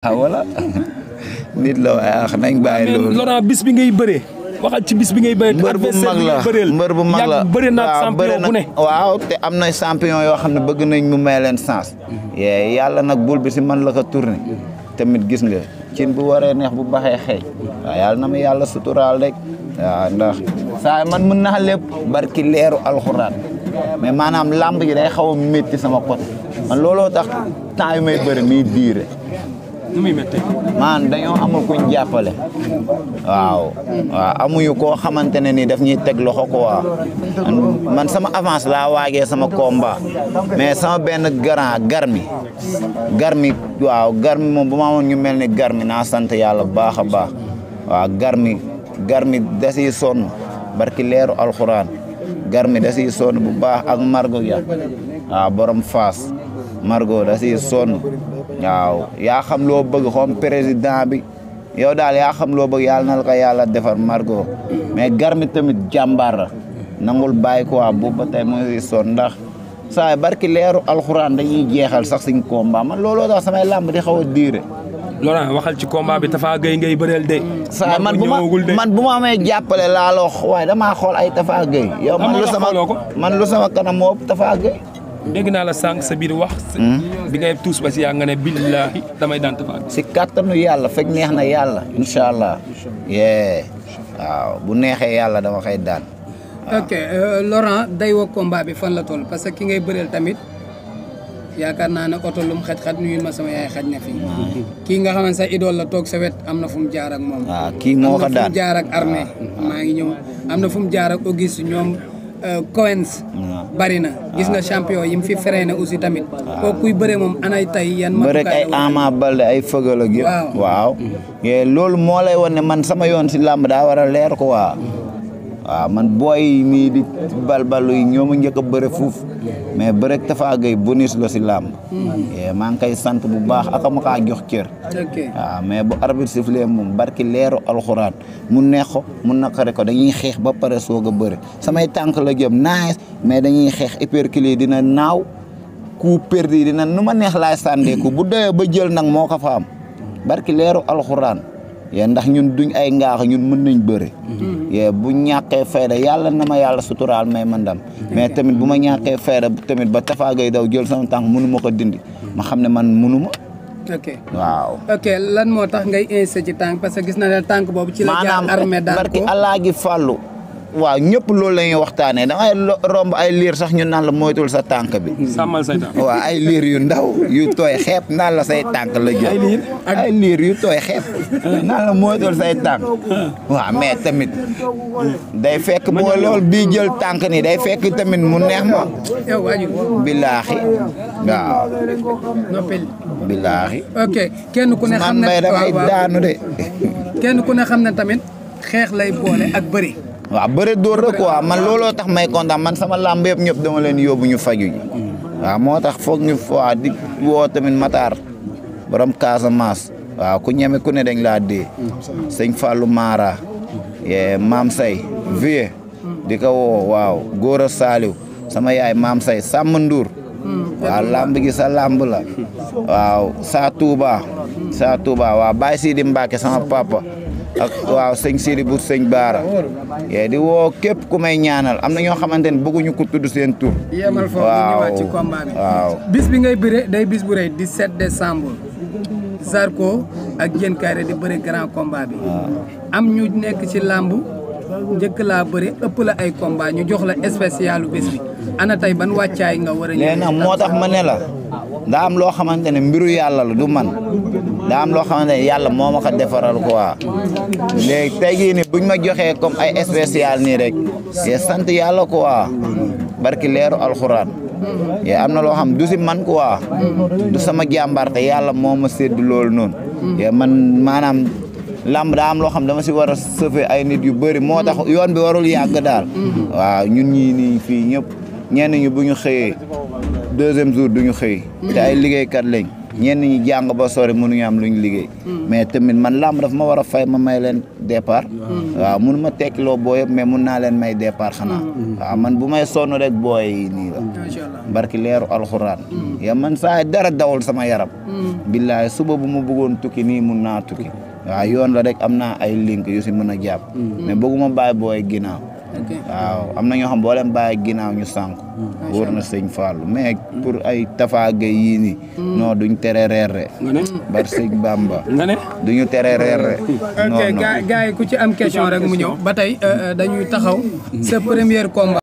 ah wala nit la waaye ah nañ bàyyi loolu Laurent bis bi ngay bëree waxal ci bis bi ngay bëree. mbër bu mag la mbër bu mag la bëri na champion bu ne. waaw te amna na champion yoo xam ne bëgg nañ mu may leen sens. yàlla nag bul bi si man la ko tourné. tamit gis nga cin bu waree neex bu baxee xëy. waaw yàlla na ma yàlla suturaal rek. waaw ndax saa man mën naa lépp barki leeru alxuraan mais maanaam lamb ji day xaw a sama côté man looloo tax temps may bëri muy diire. nu muy méttee. amul kuñ jàppale. waaw. waaw amuñu koo xamante ne ni daf ñuy teg loxo quoi. man sama avance laa waagee sama combat mais sama benn grand garmi garmi waaw garmi moom bu ñu mel ni garmi naa sant yàlla bu baax a baax waaw garmi garmi da siy sonn barki leeru alxuraan garmi da siy sonn bu baax ak margo ya waaw borom faas margo da siy sonn. waaw yaa xam loo bëgg xoom président bi yow daal yaa xam loo bëgg yàlla na la ko yàlla defar Margot mais Garmi tamit jàmbaar la nangul bàyyi ko waa ba tey mooy sonn ndax saa barki leeru alxuraan dañuy jeexal sax suñ combat man looloo tax samay làmb di xaw a diire. Laurent waxal ci combat bi Tafa Gueye ngay bëreel de. saa man bu ma man bu ma amee jàppale laa la wax waaye damaa xool ay Tafa Gueye yow man lu sama man lu sama kanam moo Tafa Gueye dégg naa la sànq sa biir wax. Hmm? bi ngay tuus ba si yaa nga ne billaahi damay daan Tapha Gueye. si kàttanu yàlla fekk neex na yàlla incha allah. yee waaw bu neexee yàlla dama koy daan. ok euh, Laurent day wo combat bi fan la toll parce que ki ngay bëreel tamit yaakaar naa ne oto lum xaj-xaj nuyul ma sama yaay xaj na fi. Hmm. kii nga xam ne sa idole la toog sa wet am na fu mu jaar ak moom. Ah, kii moo ko na fu mu jaar ak armée ah, ah. maa ngi ñëw am na fu mu jaar ak Auguste ñoom. Euh, Coens bari na gis nga champion yi mu fi freiné aussi tamit koo kuy bëre moom anay tay yan ma rek ay Ama ay fëgal a yëpp waaw loolu moo lay wan man sama yoon si làmb daa war a leer ko waa waaw man booy mii di balbalu yi ñoo ma njëkk a bëre fuuf mais bëre Tapha Gueye bonus la si làmb hmm. eh, maa ngi koy sant bu baax aka ma kaa jox cër waaw mais bu arbitre sifflé moom barki leeru alxuraan mu neex ko mu naqari ko dañuy xeex ba pare soog a bëre samay tànk la jëm naaj mais dañuy xeex hypercule dina naaw ku perdi dina nu ma neex laay sàndeeku bu doyee ba jël nag moo ko fa am barki leeru alxuraan yee ndax ñun duñ ay ngaax ñun mën nañ bëre mm-hmm. yee bu ñàkkee fayda yàlla na ma yàlla suturaal may ma ndam mm-hmm. mais tamit bu ma ñàkkee fayda tamit ba tafaagay daw jël sama tànk mënu ma ko dindi mm-hmm. ma xam ne man mënu ma ok waaw ok lan moo tax ngay insisté ci tànk parce que gis na ne tànk boobu ci la jaar armée daal ko maanaam fàllu waaw ñëpp loolu la ñuy waxtaanee da ngay romb ay liir sax ñu naan la moytul sa tànk bi. sàmmal say waaw ay liir yu ndaw yu tooy xeeb naan la say tànk la jël. ay liir yu tooy xeeb. naan la moytul say tànk. waaw mais tamit. day fekk boo lool bii jël tànk ni day fekk tamit mu neex ma. bilaaxi waaw. bilaaxi. ok kenn ku ne xam ne kenn ku ne ne tamit xeex lay boole ak bëri. waaw bëre dóor la quoi man looloo tax may kontaan man sama làmb yëpp ñëpp dama leen yóbbu ñu faju ji waaw moo tax foog ñu waa di woo tamit Matar borom Casamance waaw ku ñeme ku ne dañ laa dee sëñ Fallou Mara maam say vie di ko woo waaw góor a saaliw sama yaay maam say sàmm Ndour waaw làmb gi sa làmb waaw saa Touba saa Touba waaw Baye Sidi Mbacke sama papa ak waaw sëñ Sidi bu sëñ bara ye di wo kep ku may ñaanal amna ño xamantene bëggu ñu ko tuddu seen tour yemal fo ñu ñëwaat ci combat bi bis bi ngay bëré day bis bu reuy 17 décembre Zarko ak Diène Kairé di bëré grand combat bi am ñu nekk ci lamb njëkk la bëré ëpp la ay combat ñu jox la spécialu bis bi ana tay ban waccay nga wara a ñëw moo tax ma ne la da am lo xamantene ne mbiru yalla la du man da am lo xamantene yalla yàlla ko defaral quoi léegi tey jii ni buñ ma joxe comme ay spécial ni rek ye sant yàlla quoi barki leeru alquran ye amna na xam du si man quoi du sama jàmbaarte yàlla moo ma sédd loolu noonu ye man manam. lamb da am lo xam dama ci wara a ay nit yu beuri motax yoon bi warul yag dal waaw ñun ñi ni fi ñep ñen ñu buñu xeye deuxième jour duñu xëy mm. te ay liggéeykat lañ ñenn ñi jàng ba sori mënuñu am luñ liggéey mm. mais tamit man làmb daf ma war a fay ma may leen départ mm. waaw mun ma tekkiloo boo yëpp mais mun naa leen may départ xanaa waaw man bu may sonn rek boo yi nii la barki leeru alxuraan ya man saa dara dawul sama yaram billaay suba bu ma bëggoon tukki nii mun naa tukki waaw yoon la rek am naa ay link yu si mën a jàpp mais bëgguma bàyyi booy ginnaaw waaw am na ñoo xam boo leen ginnaaw ñu sànq. wóor na sëñ Fallou mm. mais pour ay tafaage yii nii. Mm. non duñ tere reere. bar sëñ Bamba. nga ne duñu tere reere. non non ok gars ku ci am question rek mu ñëw ba tey euh, euh, dañuy taxaw. Mm. sa premier combat.